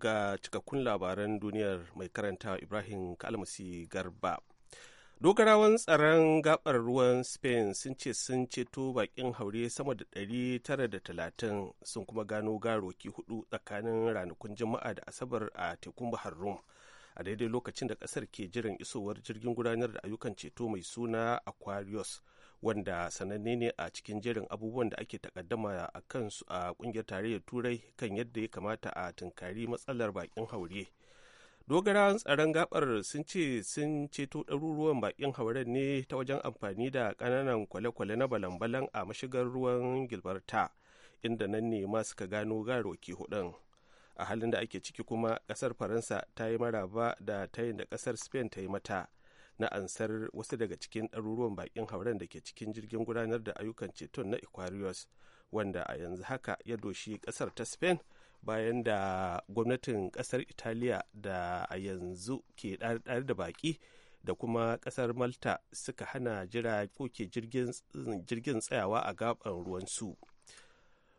ga cikakkun labaran duniyar mai karanta Ibrahim Kalmasi Garba. Dogarawan tsaron gabar ruwan Spain sun ce sun ceto bakin haure sama da 930 sun kuma gano garoki hudu tsakanin ranakun Juma'a da Asabar a tekun Bahar Rum. A daidai lokacin da kasar ke jiran isowar jirgin gudanar da ayyukan ceto mai suna Aquarius wanda sananne ne a cikin jerin abubuwan da ake takaddama a kansu a kungiyar tarayyar turai kan yadda ya kamata a tunkari matsalar bakin haure dogara tsaron gabar sun ce sun ceto ɗaruruwan bakin hauren ne ta wajen amfani da ƙananan kwale-kwale na balan-balan a mashigar ruwan gilbarta inda nan ne ma suka gano ke hudun a halin da ake ciki kuma ƙasar faransa ta yi maraba da tayin da ƙasar spain ta yi mata na ansar wasu daga cikin ɗaruruwan bakin hauren da ke cikin jirgin gudanar da ayyukan ceton na aquarius wanda a yanzu haka ya doshi ƙasar ta spain bayan da gwamnatin ƙasar italiya da a yanzu ke ɗare da baƙi da kuma ƙasar malta suka hana jira koke jirgin tsayawa a gaban ruwansu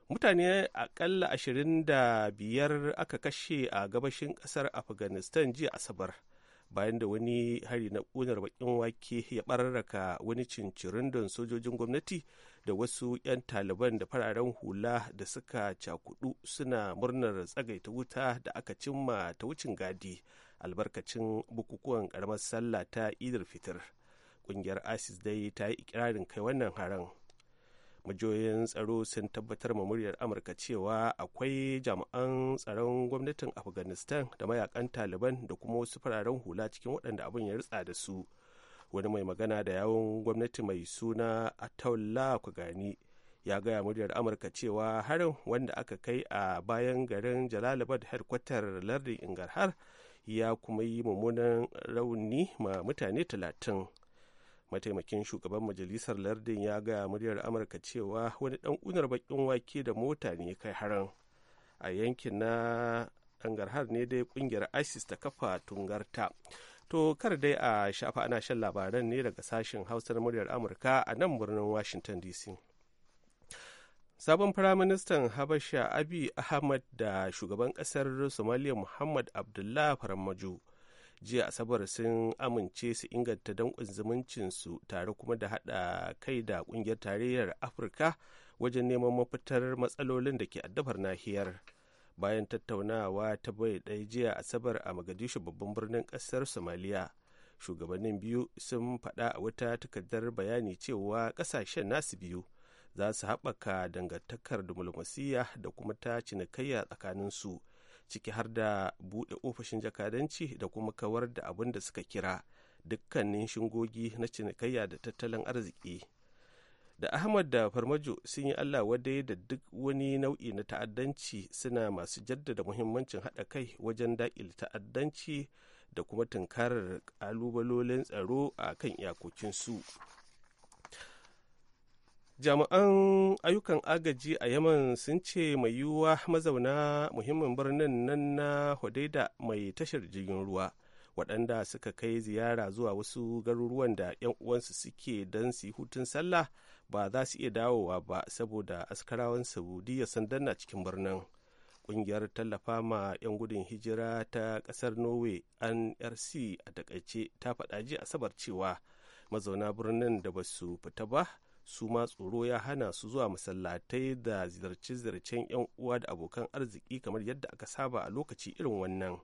mutane akalla ashirin da biyar aka kashe a gabashin ƙasar afghanistan jiya asabar bayan da wani hari na ƙunar bakin wake ya bararraka wani cincirindon sojojin gwamnati da wasu 'yan taliban da fararen hula da suka cakudu suna murnar tsagaita wuta da aka cimma ta wucin gadi albarkacin bukukuwan karamar sallah ta idar fitir ƙungiyar isis dai ta yi ikirarin kai wannan haran majiyoyin tsaro sun tabbatar ma muryar amurka cewa akwai jami'an tsaron gwamnatin afghanistan da mayakan taliban da kuma wasu fararen hula cikin waɗanda abin ya ritsa da su wani mai magana da yawon gwamnati mai suna ataullah kugani ya gaya muryar amurka cewa harin wanda aka kai a bayan garin jalalabad headquarter lardin ingarhar ya kuma yi mummunan rauni ma mutane talatin mataimakin shugaban majalisar lardin ya gaya muryar amurka cewa wani dan unar bakin wake da mota ne kai haran a yankin na dangarhar ne dai kungiyar isis ta kafa tungarta to kar dai a shafa ana shan labaran ne daga sashen hausar muryar amurka a nan birnin washington dc sabon firaministan habasha abi ahmad da shugaban kasar somalia muhammad abdullah farmajo jiya asabar sun amince su inganta zumuncin zumuncinsu tare kuma da haɗa kai da ƙungiyar tarayyar afirka wajen neman mafitar matsalolin da ke addabar nahiyar bayan tattaunawa ta bai ɗaya jiya asabar a magadishu babban birnin ƙasar somaliya shugabannin biyu sun faɗa a wata takardar bayani cewa ƙasashen nasu biyu za su haɓaka dangantakar dimulmasiya da kuma ta cinikayya tsakaninsu ciki har da buɗe ofishin jakadanci da kuma kawar da abin da suka kira dukkanin shingogi na cinikayya da tattalin arziki da ahmad da farmajo sun yi allah wadai da duk wani nau'i na ta'addanci suna masu jaddada muhimmancin haɗa kai wajen daƙil ta'addanci da kuma tunkarar ƙalubalolin tsaro a kan iyakokinsu. su jami'an ayyukan agaji a yaman sun ce mai yiwuwa mazauna muhimmin birnin nan na hudaida mai tashar jirgin ruwa waɗanda suka kai ziyara zuwa wasu garuruwan da 'yan uwansu suke don su yi hutun sallah ba za su iya dawowa ba saboda askarawan saudiya sun danna cikin birnin ƙungiyar tallafa ma 'yan gudun hijira ta ƙasar norway nrc a takaice ta faɗa ji asabar cewa mazauna birnin da ba su fita ba su ma tsoro ya hana su zuwa masallatai da ziyarce-ziyarcen 'yan uwa da abokan arziki kamar yadda aka saba a lokaci irin wannan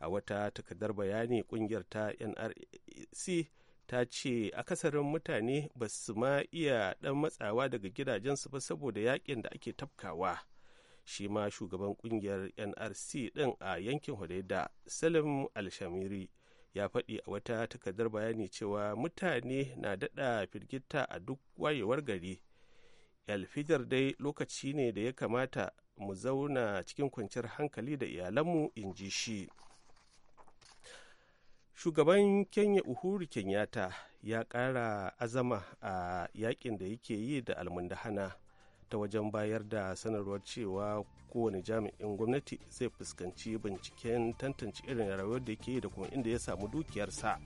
a wata takardar bayani kungiyar ta nrc ta ce akasarin mutane ba su ma iya dan matsawa daga gidajensu ba saboda yakin da ake tafkawa shi ma shugaban kungiyar nrc din a yankin hudaida salim alshamiri ya faɗi a wata takardar bayani cewa mutane na daɗa firgita a duk wayewar gari alfijar dai lokaci ne da ya kamata mu zauna cikin kwanciyar hankali da iyalanmu in ji shi shugaban kenya uhuru kenyatta ya ƙara azama a yakin da yake yi da almundahana ta wajen bayar da sanarwar cewa kowane jami'in gwamnati zai fuskanci binciken tantance irin rayuwar da ke da kuma inda ya samu dukiyarsa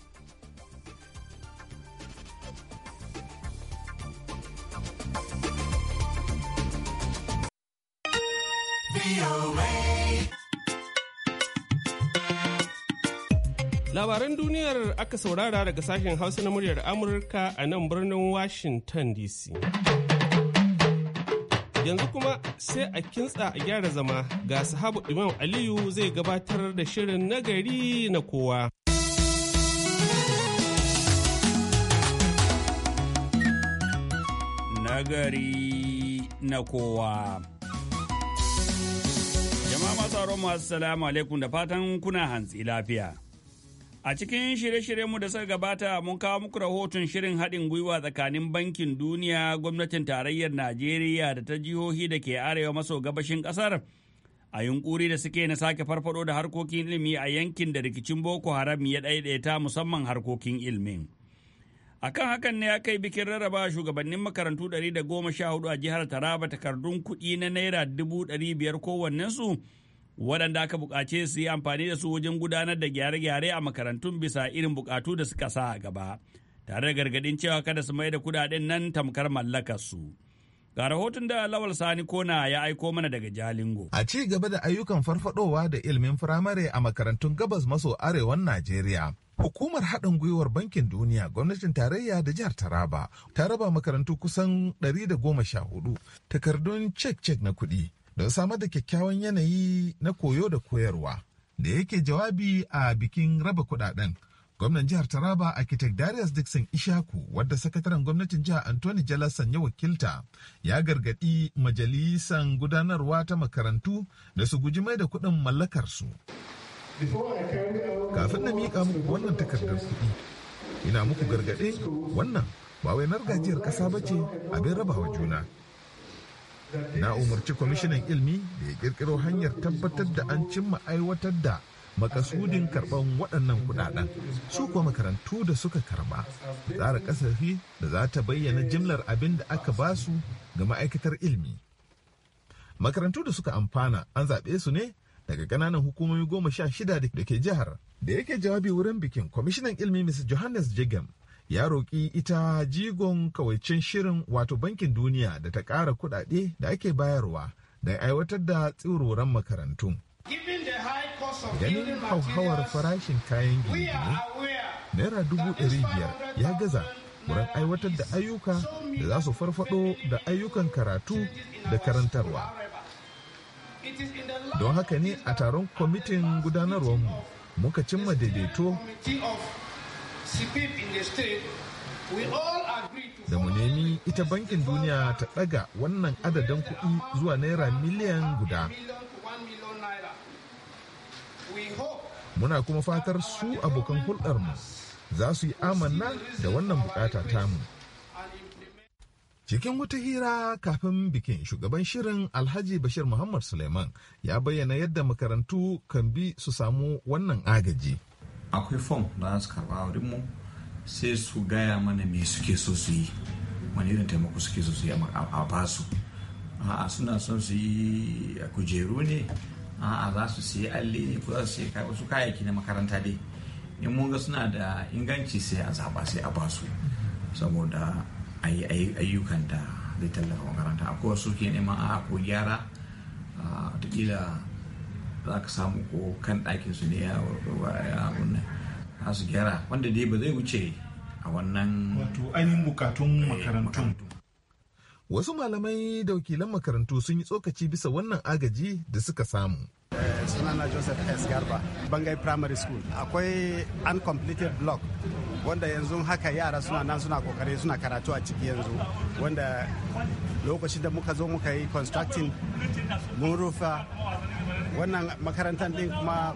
Labaran duniyar aka saurara daga sashen Hausa na muryar Amurka a nan birnin Washington DC. Yanzu kuma sai a kintsa a gyara zama ga sahabu Imam Aliyu zai gabatar da shirin nagari na kowa. Nagari na kowa. Jama'a masu masu salamu alaikum da fatan kuna hantsi lafiya. A cikin shirye-shiryenmu da suka gabata mun kawo muku rahoton shirin haɗin gwiwa tsakanin Bankin Duniya, gwamnatin tarayyar Najeriya da ta jihohi da ke arewa maso gabashin ƙasar. A yunkuri da suke na sake farfado da harkokin ilimi a yankin da rikicin Boko Haram ya ɗaiɗaita musamman harkokin ilimin. A kan hakan ne ya kai bikin rarraba shugabannin makarantu da 114 a jihar Taraba takardun kuɗi na Naira 500 kowannensu. waɗanda aka buƙace su yi amfani da su wajen gudanar da gyare-gyare a makarantun bisa irin buƙatu da suka sa a gaba tare da gargadin cewa kada su mai da kuɗaɗen nan tamkar mallakar su. Ga rahoton da Lawal Sani Kona ya aiko mana daga Jalingo. A ci gaba da ayyukan farfadowa da ilimin firamare a makarantun gabas maso arewan Najeriya. Hukumar haɗin gwiwar Bankin Duniya, gwamnatin tarayya da jihar Taraba, ta raba makarantu kusan 114 takardun cek-cek na kuɗi don samar da kyakkyawan yanayi na koyo da koyarwa da yake jawabi a bikin raba kudaden gwamnan jihar taraba architect darius dixon ishaku wadda sakataren gwamnatin jihar anthony jalasan ya wakilta ya gargadi majalisan gudanarwa ta makarantu da su guji mai da kudin mallakarsu kafin na miƙa muku wannan takardar kuɗi ina muku gargaɗe wannan ba wai nargajiyar ƙasa ba ce abin rabawa juna na umarci kwamishinan ilmi da ya kirkiro hanyar tabbatar da an cimma aiwatar da makasudin karban waɗannan kudaden su kuwa makarantu da suka karba tsara kasafi da za ta bayyana jimlar abin da aka ba su ga ma'aikatar ilmi makarantu da suka amfana an zaɓe su ne daga ƙananan hukumomi goma sha shida da ke jihar da yake jawabi wurin bikin kwamishinan ilmi mr johannes jigam ya roƙi ita jigon kawaicin shirin wato bankin duniya da ta ƙara kuɗaɗe da ake bayarwa da aiwatar da tsiroran makarantu. Ganin hauhawar farashin kayan gine naira dubu ɗari biyar ya gaza wurin aiwatar da ayyuka da za su farfado da ayyukan karatu da karantarwa. Don haka ne a taron kwamitin mu muka cimma daidaito da mu nemi ita bankin duniya ta ɗaga wannan adadin kuɗi zuwa naira miliyan guda. Muna kuma fatar su abokan hulɗarmu za su yi amanna da wannan bukata tamu. Cikin wata hira kafin bikin shugaban shirin Alhaji Bashir Muhammad Suleiman ya bayyana yadda makarantu kan bi su samu wannan agaji. akwai fom da su karba a mu sai su gaya mana me suke so su yi wani irin taimako suke so su yi a basu a'a suna son su yi kujeru ne a'a za su siya alli ne ko za su siya wasu kayayyaki na makaranta dai in mun ga suna da inganci sai a zaba sai a basu saboda ayyukan da zai tallafa makaranta akwai wasu ke neman a ko gyara a za ka samu ko kan ɗakin su ne ya abun su gyara wanda dai ba zai wuce a wannan wato ainihin bukatun eh, makarantun wasu malamai da wakilan makarantu sun yi tsokaci bisa wannan agaji da suka samu sunana joseph s garba bangai primary school akwai uncompleted block wanda yanzu haka yara suna nan suna kokare suna karatu a ciki yanzu wanda lokacin da muka zo muka yi constructing mun rufa wannan makarantar din kuma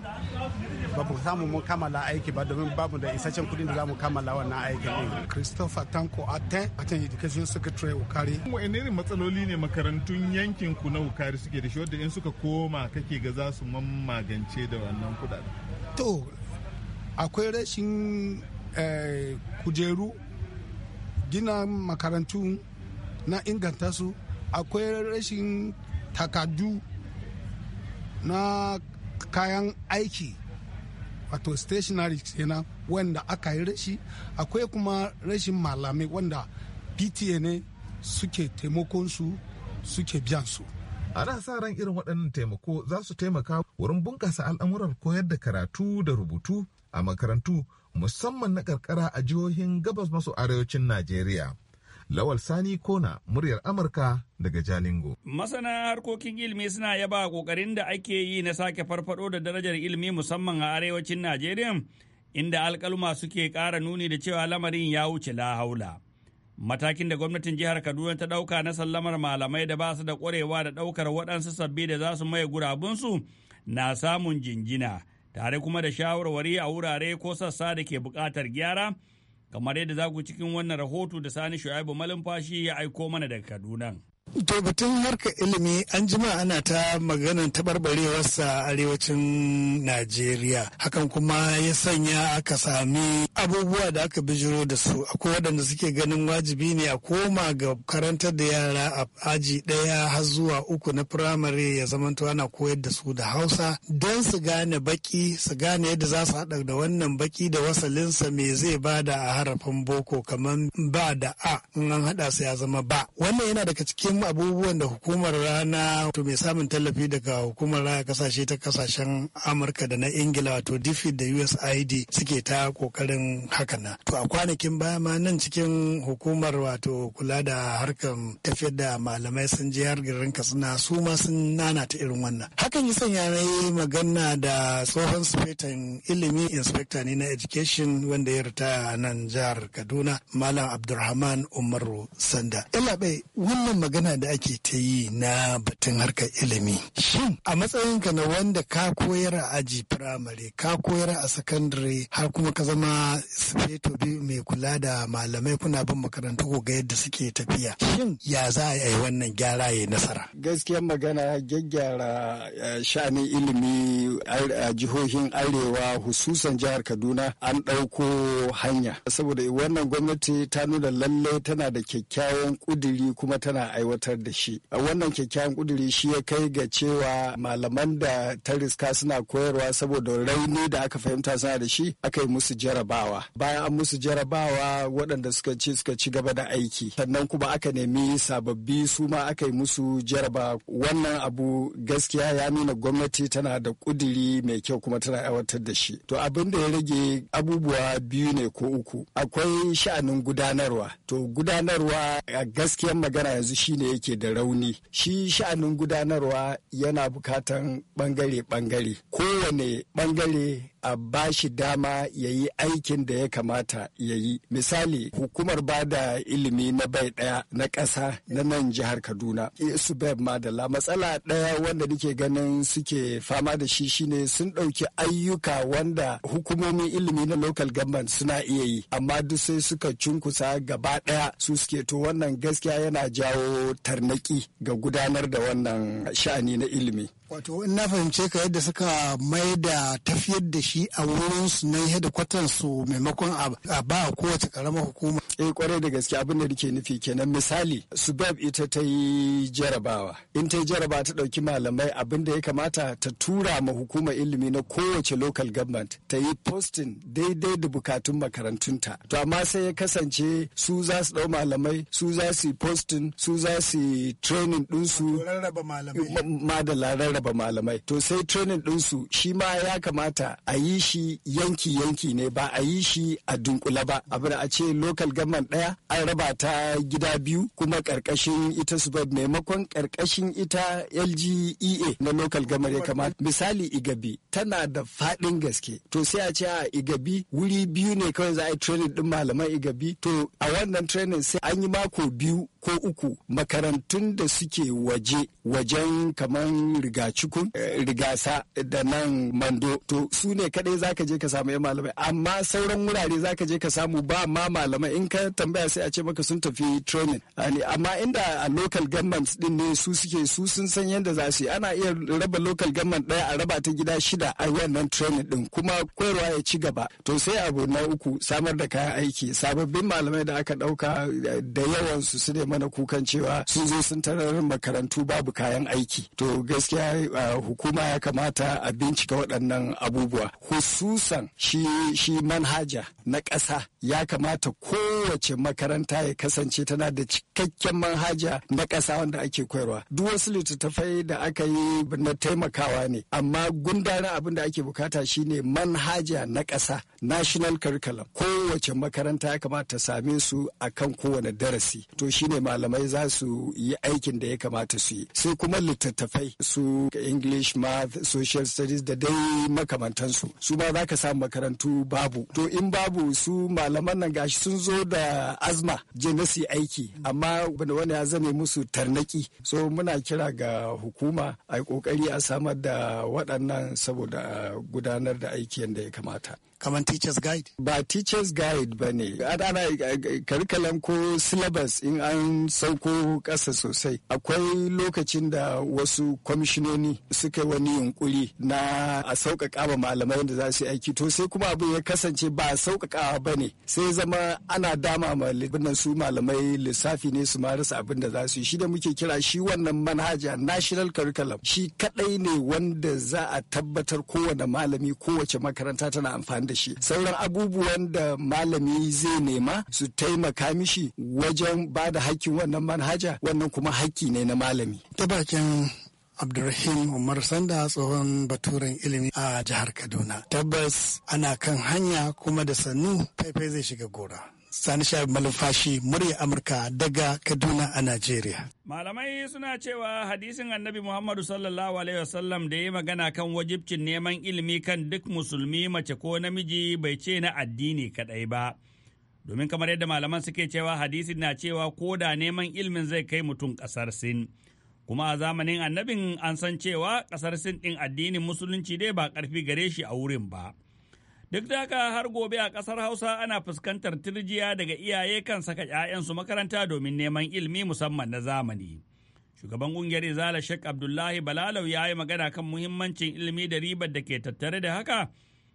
ba mu samu mun kammala aiki ba domin babu da isasshen kudin da za mu kammala wannan aikin din. Christopher Tanko Aten, Aten Education Secretary Ukari. Wani irin matsaloli ne makarantun yankin ku na Ukari suke da shi wadda in suka koma kake ga za su mamagance da wannan kudaden? To, akwai rashin Eh, kujeru gina makarantu na inganta su akwai rashin takardu na kayan aiki wato stationary kenan wanda aka yi rashi akwai kuma rashin malamai wanda pta ne suke taimakon su suke biyan su da sa ran irin waɗannan taimako za su taimaka wurin bunƙasa al'amuran koyar da karatu da rubutu a makarantu musamman na karkara a jihohin gabas maso arewacin Najeriya. Lawal Sani Kona muryar Amurka daga Jalingo. Masana harkokin ilimi suna yaba kokarin da ake yi na sake farfado da darajar ilimi musamman a arewacin Najeriya inda alkalma suke ƙara nuni da cewa lamarin ya wuce lahaula. Matakin da gwamnatin jihar Kaduna ta ɗauka na sallamar malamai da ba su da ƙwarewa da ɗaukar waɗansu sabbi da za su maye gurabunsu na samun jinjina. tare kuma da shawarwari a wurare ko sassa da ke buƙatar gyara kamar yadda za ku cikin wannan rahoto da sani shu'aibu malumfashi ya aiko mana daga kaduna To batun harkar ilimi an jima ana ta maganan taɓarɓarewarsa arewacin Najeriya. Hakan kuma ya sanya aka sami abubuwa da aka bijiro da su. Akwai waɗanda suke ganin wajibi ne a koma ga karantar da yara a aji ɗaya har zuwa uku na firamare ya zamanto ana koyar da su da Hausa don su gane baki su gane yadda za su haɗa da wannan baki da wasalinsa me zai ba da a harafin boko kamar ba da a in an haɗa su ya zama ba. Wannan yana daga cikin abubuwan da hukumar rana to mai samun tallafi daga hukumar Rana kasashe ta kasashen amurka da na ingila wato difid da usaid suke ta kokarin na, to a kwanakin baya ma nan cikin hukumar wato kula da harkar tafiyar da malamai sun je har garin katsina su ma sun nana ta irin wannan hakan yi sanya na yi magana da tsohon sufetan ilimi inspector ne na education wanda ya ritaya a nan jihar kaduna malam abdulrahman umaru sanda illa wannan magana magana da ake ta yi na batun harkar ilimi shin a matsayinka na wanda ka koyar a aji firamare ka koyar a sakandare har kuma ka zama sufeto biyu mai kula da malamai kuna bin makarantu ko ga yadda suke tafiya shin ya za a yi wannan gyara ya nasara gaskiyar magana gyaggyara eh, sha'anin ilimi a jihohin arewa hususan jihar kaduna an ɗauko hanya saboda wannan gwamnati ta nuna lallai tana da kyakkyawan ƙudiri kuma tana aiwatar tabbatar da shi wannan kyakkyawan kuduri shi ya kai ga cewa malaman da ta riska suna koyarwa saboda rauni da aka fahimta suna da shi aka yi musu jarabawa bayan an musu jarabawa waɗanda suka ci suka ci gaba da aiki sannan kuma aka nemi sababbi su ma aka yi musu jaraba wannan abu gaskiya ya nuna gwamnati tana da kuduri mai kyau kuma tana aiwatar da shi to abin da ya rage abubuwa biyu ne ko uku akwai sha'anin gudanarwa to gudanarwa a gaskiyar magana yanzu shine yake da rauni shi sha'anin gudanarwa yana bukatan bangare-bangare kowane bangare a ba shi dama ya yi aikin da ya kamata ya yi misali hukumar ba da ilimi na bai daya na ƙasa na nan jihar kaduna su ma da matsala daya wanda nake ganin suke fama da shi shine sun ɗauki ayyuka wanda hukumomin ilimi na local government suna iya yi amma duk sai suka cunkusa gaba daya su suke to wannan gaskiya yana jawo tarnaki ga gudanar da wannan sha'ani na ilimi Wato in na fahimce ka yadda suka mai da tafiyar da shi a wurinsu na yi kwatan su maimakon a ba kowace karamar hukuma. Eh kwarai da gaske abin da nake nufi kenan misali subeb ita ta yi jarabawa. In ta yi jarabawa ta ɗauki malamai abin da ya kamata ta tura ma hukumar ilimi na kowace local government ta yi posting daidai da bukatun makarantunta. To amma sai ya kasance su za su ɗau malamai su za su yi posting su za su yi training ɗinsu. Rarraba malamai. rarraba malamai to sai training su shi ma ya kamata a yi shi yanki-yanki ne ba a yi shi a dunkula ba abin a ce local government ɗaya an raba ta gida biyu kuma karkashin ita su ba maimakon karkashin ita lgea na local government ya kamata misali igabi tana da fadin gaske to sai a ce a igabi wuri biyu ne kawai za a yi training ɗin malaman igabi to a wannan training sai an yi mako biyu ko uku makarantun da suke waje wajen kamar rigacikun eh, rigasa da nan mando to su ne kadai ka je ka samu yan malamai amma sauran wurare za ka je ka samu ba ma malamai in ka tambaya sai a ce maka sun tafi training amma inda a local government din ne su suke su sun san yadda za su yi ana iya raba local government daya a raba ta gida shida a wannan training din kuma koyarwa ya ci gaba to sai abu na uku samar da kayan aiki sababbin malamai da aka dauka eh, da yawan su su ne mana kukan cewa sun zo sun tarar makarantu babu kayan aiki to gaskiya hukuma ya kamata a bincika waɗannan abubuwa hususan shi manhaja na ƙasa ya kamata kowace makaranta ya kasance tana da cikakken manhaja na ƙasa wanda ake koyarwa duk wasu littattafai da aka yi na taimakawa ne amma gundarin abin da ake bukata shine manhaja na ƙasa national curriculum kowace makaranta ya kamata same su a kan kowane darasi to shine malamai za su yi aikin da ya kamata su yi sai kuma littattafai su english math social studies da dai makamantansu su ba za ka samu makarantu babu to in babu su ma malaman nan gashi sun zo da azma je na su aiki amma wani ya zame musu tarnaki so muna kira ga hukuma a yi kokari a samar da waɗannan saboda ah, gudanar da aiki yadda ya kamata kamar teachers guide ba teachers guide ba ne ana karkalan ko syllabus in an sauko ƙasa sosai akwai lokacin da wasu kwamishinoni suka wani yunkuri na a sauƙaƙa ma malamai da za su aiki to sai kuma abin ya kasance ba sauƙaƙawa ba ne sai zama ana dama ma libinan su malamai lissafi ne su marasa rasa abin da za su yi shi da muke kira shi wannan manhaja national curriculum shi kadai ne wanda za a tabbatar kowane malami kowace makaranta tana amfani da shi sauran abubuwan da malami zai nema su taimaka mishi wajen ba da hakkin wannan manhaja wannan kuma hakki ne na malami ta bakin Abdulrahim Umar Sanda tsohon baturen ilimi a jihar Kaduna. Tabbas ana kan hanya kuma da sannu faifai zai shiga gora. Sani Shabi Malumfashi murya Amurka daga Kaduna a Najeriya. Malamai suna cewa hadisin annabi Muhammadu sallallahu Alaihi wasallam da ya magana kan wajibcin neman ilimi kan duk musulmi mace ko namiji bai ce na addini kaɗai ba. Domin kamar yadda malaman suke cewa hadisin na cewa ko da neman ilimin zai kai mutum ƙasar Sin. Kuma a zamanin annabin an san cewa ƙasar Sin ɗin addinin musulunci dai ba ƙarfi gare shi a wurin ba. Duk da haka har gobe a ƙasar Hausa ana fuskantar tirjiya daga iyaye kan saka 'ya'yansu makaranta domin neman ilimi musamman na zamani. Shugaban ƙungiyar Izala Sheikh Abdullahi Balalau ya yi magana kan muhimmancin ilimi da ribar da ke tattare da haka,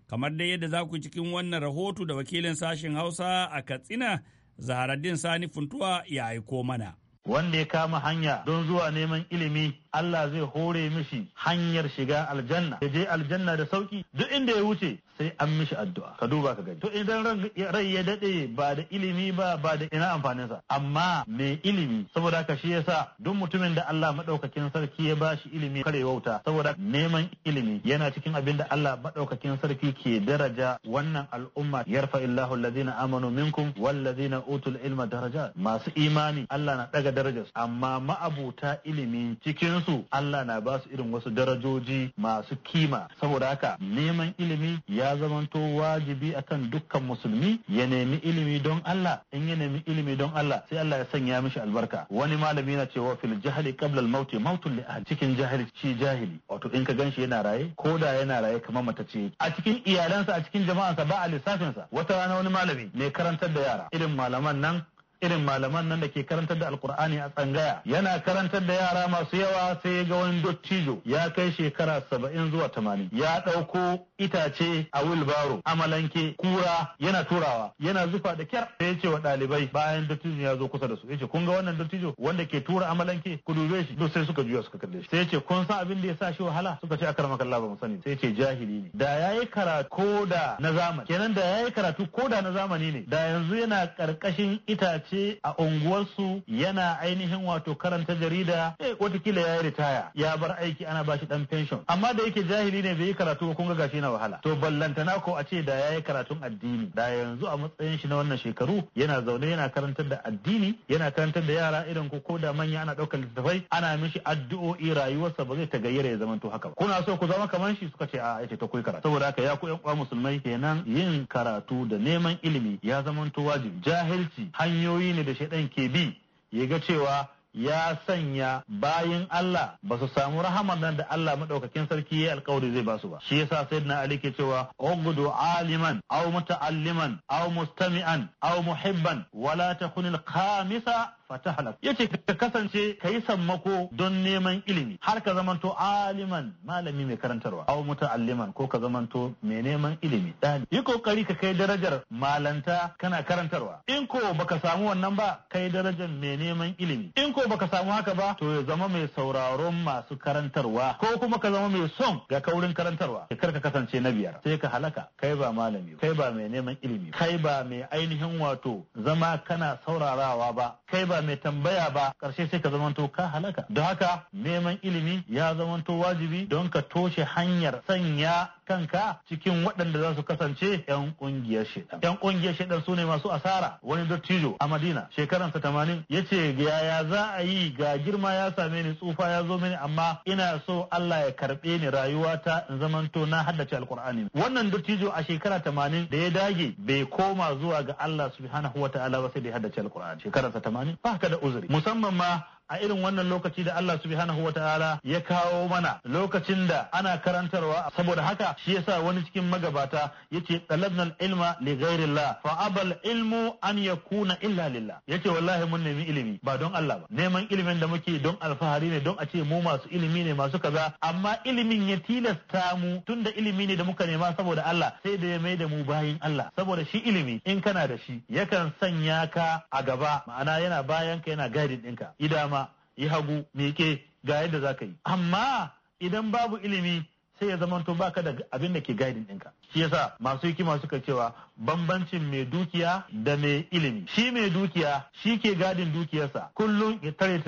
kamar dai yadda za ku cikin wannan rahoto da wakilin sashen Hausa a Katsina, Zaharaddin Sani Funtuwa ya aiko mana. wanda ya kama hanya don zuwa neman ilimi Allah zai hore mishi hanyar shiga aljanna ya je aljanna da sauki duk inda ya wuce sai an mishi addu'a ka duba ka gani to idan rai ya dade ba da ilimi ba ba da ina amfanin sa amma mai ilimi saboda ka shi yasa duk mutumin da Allah madaukakin sarki ya bashi ilimi kare wauta saboda neman ilimi yana cikin abin da Allah madaukakin sarki ke daraja wannan al'umma yarfa illahu alladhina amanu minkum walladhina utul ilma darajat masu imani Allah na daga darajar amma ma'abuta ilimi cikin su Allah na ba su irin wasu darajoji masu kima saboda haka neman ilimi ya ya zamanto wajibi akan dukkan musulmi ya nemi ilimi don Allah in ya nemi ilimi don Allah sai Allah ya sanya mishi albarka wani malami yana cewa fil jahli qabla al mauti mautun li ahli cikin jahilci jahili wato in ka ganshi yana raye ko da yana raye kamar mata ce a cikin iyalansa a cikin jama'ansa ba a lissafinsa wata rana wani malami ne karantar da yara irin malaman nan irin malaman nan da ke karantar da alkur'ani a tsangaya yana karantar da yara masu yawa sai ga wani dottijo ya kai shekara saba'in zuwa tamanin ya ɗauko itace a wilbaro amalanke kura yana turawa yana zufa da kyar sai ya ce wa ɗalibai bayan dattijo ya zo kusa da su ya ce kun ga wannan dattijo wanda ke tura amalanke ku dube shi duk sai suka juya suka kalle shi sai ya ce kun san abin da ya sa shi wahala suka ce akar makalla ba mu sani sai ya ce jahili ne da yayi karatu ko da na zamani kenan da yayi karatu ko da na zamani ne da yanzu yana karkashin itace a unguwarsu yana ainihin wato karanta jarida eh watakila ya yi ritaya ya bar aiki ana bashi dan pension amma da yake jahili ne bai yi karatu ba kun ga gashi na wahala to ballantana ko a ce da ya yi karatun addini da yanzu a matsayin shi na wannan shekaru yana zaune yana karantar da addini yana karantar da yara irin ko ko da manya ana daukar littattafai ana mishi addu'o'i rayuwarsa ba zai ta gayyara ya zamanto haka haka kuna so ku zama kamar shi suka ce a yace ta koyi karatu saboda haka ya ku yan uwa musulmai kenan yin karatu da neman ilimi ya zamanto wajibi jahilci hanyoyi ne da shaidan ke bi ya ga cewa ya sanya bayin Allah ba su samu rahaman nan da Allah madaukakin sarki ya alkawari zai ba su ba shi yasa sayyidina Ali ke cewa ugudu aliman aw muta'alliman aw mustami'an aw muhibban wala takunil khamisa fatahalak yace ka kasance ka yi sammako don neman ilimi har ka zamanto aliman malami mai karantarwa aw muta'alliman ko ka zamanto mai neman ilimi dali yi kokari ka kai darajar malanta kana karantarwa in ko baka samu wannan ba kai darajar mai neman ilimi in ko baka samu haka ba to ya zama mai sauraron masu karantarwa ko kuma ka zama mai son ga kaurin karantarwa kar ka kasance na biyar sai ka halaka kai ba malami kai ba mai neman ilimi kai ba mai ainihin wato zama kana saurarawa ba kai ba mai tambaya ba karshe sai ka zamanto ka halaka don haka neman ilimi ya zamanto wajibi don ka toshe hanyar sanya kanka cikin waɗanda za su kasance 'yan ƙungiyar shaidan. 'Yan ƙungiyar shaidan su ne masu asara wani dattijo a Madina sa tamanin ya ce yaya za a yi ga girma ya same ni tsufa ya zo mini amma ina so Allah ya karɓe ni rayuwata in zamanto na haddace alkur'ani. Wannan dattijo a shekara tamanin da ya dage bai koma zuwa ga Allah subhanahu wa ta'ala ba sai da ya haddace alkur'ani. sa tamanin ba ka da uzuri musamman ma a irin wannan lokaci da Allah subhanahu Ta'ala ya kawo mana lokacin da ana karantarwa saboda haka shi yasa wani cikin magabata yace talabnal ilma li ghairillah fa abal ilmu an yakuna illa lillah yace wallahi mun nemi ilimi ba don Allah ba neman ilimin da muke don alfahari ne don a ce mu masu ilimi ne masu kaza amma ilimin ya tilasta mu tunda ilimi ne da muka nema saboda Allah sai da ya mai da mu bayin Allah saboda shi ilimi in kana da shi yakan sanya ka a gaba ma'ana yana bayan ka yana gadin ɗinka idama yi hagu meke ga yadda za ka yi amma idan babu ilimi sai ya zamanto baka da abin da ke gaidin ɗinka shi yasa masu hikima suka cewa bambancin mai dukiya da mai ilimi shi mai dukiya shi ke gadin dukiyarsa kullum itare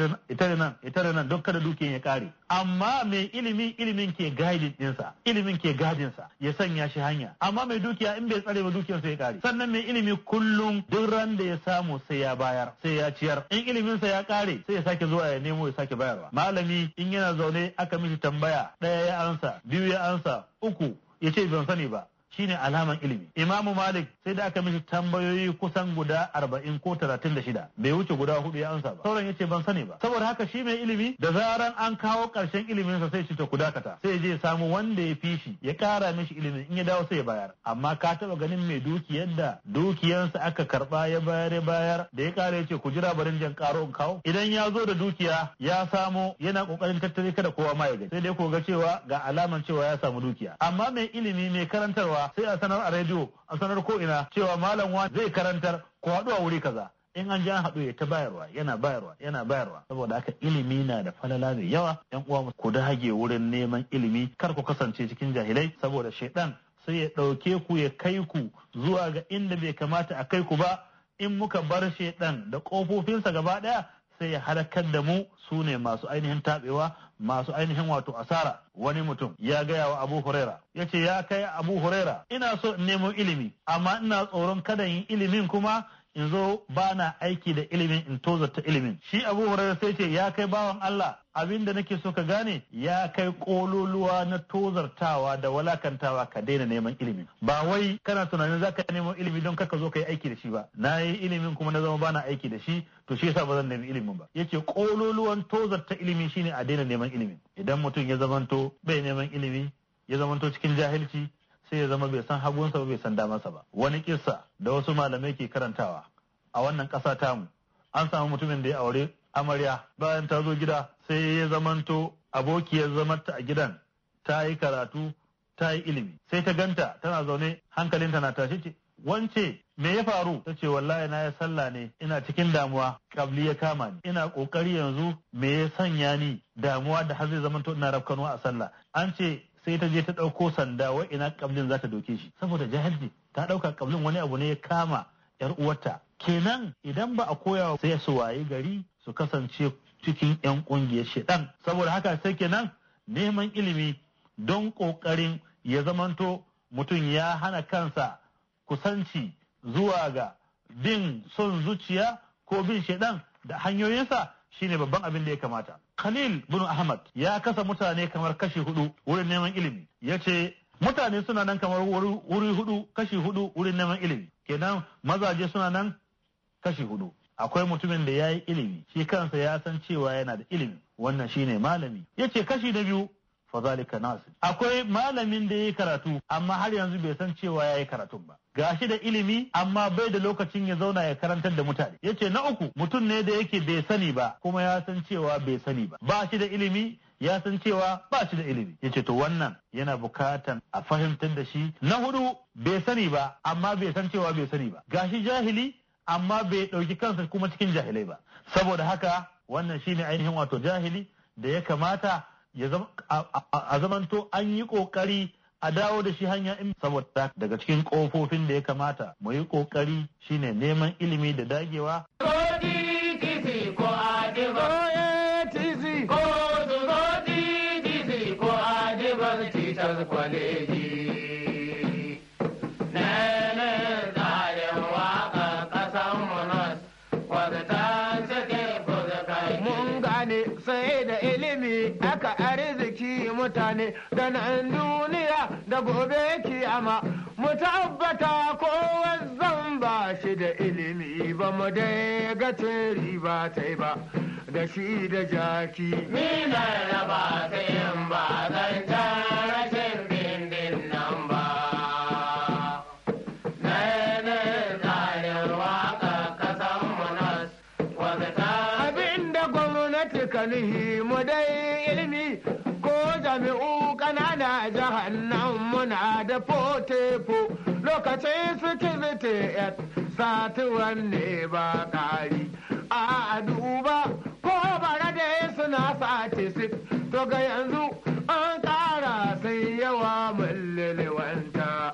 nan itare nan don kada dukiyan ya kare amma mai ilimi ilimin ke gadin dinsa ilimin ke gadinsa ya sanya shi hanya amma mai dukiya in bai tsare ba sai ya kare sannan mai ilimi kullum duk ran da ya samu sai ya bayar sai ya ciyar in iliminsa ya kare sai ya sake zuwa ya nemo ya sake bayarwa malami in yana zaune aka mishi tambaya ɗaya ya ansa biyu ya ansa uku ya ce ban sani ba shine alaman ilimi imamu malik sai da aka mishi tambayoyi kusan guda arba'in ko talatin da shida bai wuce guda hudu ya amsa ba sauran yace ban sani ba saboda haka shi mai ilimi da zaran an kawo karshen ilimin sa sai shi ta dakata. sai je ya samu wanda ya fi shi ya kara mishi ilimin in ya dawo sai ya bayar amma ka taba ganin mai dukiyar da dukiyansa aka karba ya bayar ya bayar da ya kara yace ku jira barin jan karo in kawo idan ya zo da dukiya ya samo yana kokarin tattare kada kowa ma ya gani sai dai ko ga cewa ga alaman cewa ya samu dukiya amma mai ilimi mai karantarwa cewa sai a sanar a rediyo a sanar ko ina cewa malam wani zai karantar ko haɗu a wuri kaza in an ji an haɗu ta bayarwa yana bayarwa yana bayarwa saboda haka ilimi na da falala mai yawa yan uwa ku dage wurin neman ilimi kar ku kasance cikin jahilai saboda shaidan sai ya ɗauke ku ya kai ku zuwa ga inda bai kamata a kai ku ba in muka bar shaidan da kofofinsa gaba ɗaya sai ya halakar da mu su ne masu ainihin tabewa masu ainihin wato asara wani mutum ya gaya wa abu huraira ya ce ya kai abu huraira ina so in nemo ilimi amma ina tsoron kada yin ilimin kuma in zo ba na aiki da ilimin in tozarta ilimin shi abu huraira sai ce ya kai bawan allah abin da nake so ka gane ya kai kololuwa na tozartawa da walakantawa ka daina neman ilimi ba wai kana tunanin zaka neman ilimi don kaka zo ka yi aiki da shi ba na yi ilimin kuma na zama bana aiki da shi to shi yasa ba zan nemi ilimin ba yace kololuwan tozarta ilimi shine a daina neman ilimi idan mutum ya zamanto bai neman ilimi ya zamanto cikin jahilci sai ya zama bai san hagunsa ba bai san damansa ba wani kissa da wasu malamai ke karantawa a wannan kasa tamu an samu mutumin da ya aure amarya bayan ta zo gida sai ya zamanto abokiyar zamanta a gidan ta yi karatu ta yi ilimi sai ta ganta tana zaune hankalinta na tashi ce wance me ya faru ta ce wallahi na ya sallah ne ina cikin damuwa kabli ya kama ni ina kokari yanzu me ya sanya ni damuwa da har zai zamanto ina rafkano a sallah an ce sai ta je ta ɗauko sanda wa ina kablin za ta doke shi saboda jahilci ta ɗauka kablin wani abu ne ya kama yar uwarta kenan idan ba a koya sai su waye gari su kasance cikin 'yan ƙungiyar shaidan saboda haka sai kenan neman ilimi don ƙoƙarin ya zamanto mutum ya hana kansa kusanci zuwa ga bin son zuciya ko bin shaidan da hanyoyinsa shine babban abin da ya kamata. Khalil bin Ahmad ya kasa mutane kamar kashi hudu wurin neman ilimi. Ya ce mutane suna nan kamar wuri hudu kashi hudu wurin neman ilimi. Kenan mazaje suna nan kashi hudu. akwai mutumin da ya yi ilimi shi kansa ya san cewa yana da ilimi wannan shine malami ya ce kashi na biyu fazalika nasi akwai malamin da ya yi karatu amma har yanzu bai san cewa ya yi karatun ba gashi da ilimi amma bai da lokacin ya zauna ya karantar da mutane Ya ce na uku mutum ne da yake bai sani ba kuma ya san cewa bai sani ba ba shi da ilimi ya san cewa ba shi da ilimi Ya ce to wannan yana bukatan a fahimtar da shi na hudu bai sani ba amma bai san cewa bai sani ba gashi jahili amma bai ɗauki kansa kuma cikin jahilai ba saboda haka wannan shine ainihin wato jahili da ya kamata a zamanto an yi ƙoƙari a dawo da shi hanya in saboda daga cikin ƙofofin da ya kamata mu yi ƙoƙari shine neman ilimi da dagewa. mutane da nan duniya da gobe kiyama mu tabbata kowa zan ba shi da ilimi ba mu da ga riba ta ba da shi da jaki. Ni na raba ta yin ba zan da su lokacin sikiliti yat sati wanne ba ƙari a duba ko bara da suna sati su to ga yanzu an ƙara sai yawa mullilwanta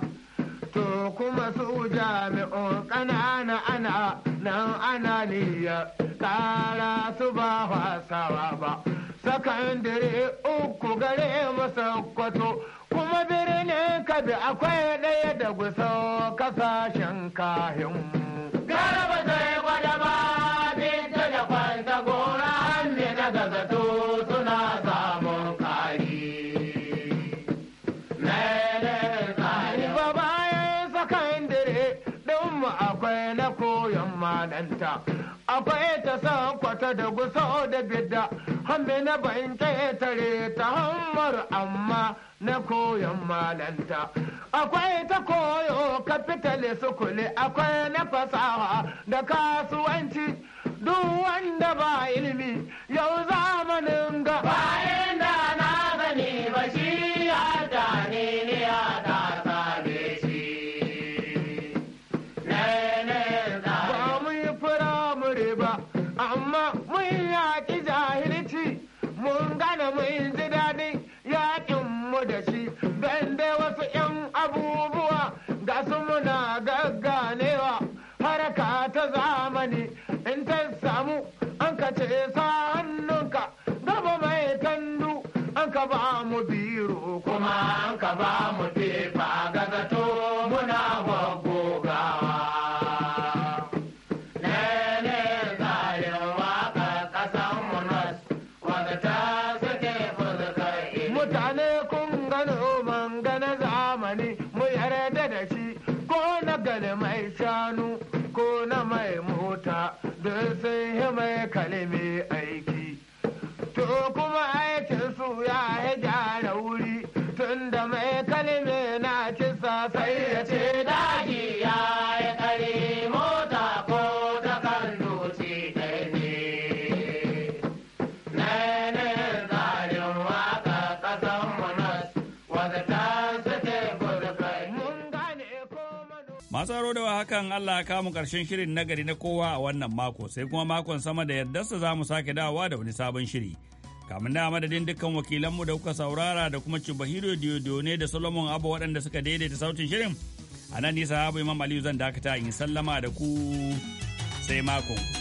to kuma su jami'un ƙanana ana nan ana niyya ƙara su ba wasawa ba sakandare uku gare mu sakkwato kabi akwai ɗaya da guso kasashen kahin. Garaba zai gwada ba binta da kwanta gora hannu na gazato suna samun kari. Ba bayan sakan dire ɗinmu akwai na koyon malanta. Akwai ta san kwata da guso da bidda, hannu na bayan tare ta hammar amma na koyon malanta. Akwai ta koyo kapital sukuli akwai na fasaha da kasuwanci duk wanda ba ilimi yau zamanin ga bayan da na gani ba ba mu biro kuma ka ba Masu haro da hakan Allah ya kamu karshen shirin nagari na kowa a wannan mako sai kuma makon sama da yardarsa za mu sake dawowa da wani sabon shiri. Kamun da madadin dukkan wakilanmu da kuka saurara da kuma Cibahiro ne da Solomon Abu waɗanda suka daidaita sautin shirin. A nan nisa Abu Imam Aliyu zan dakata in sallama da ku sai makon.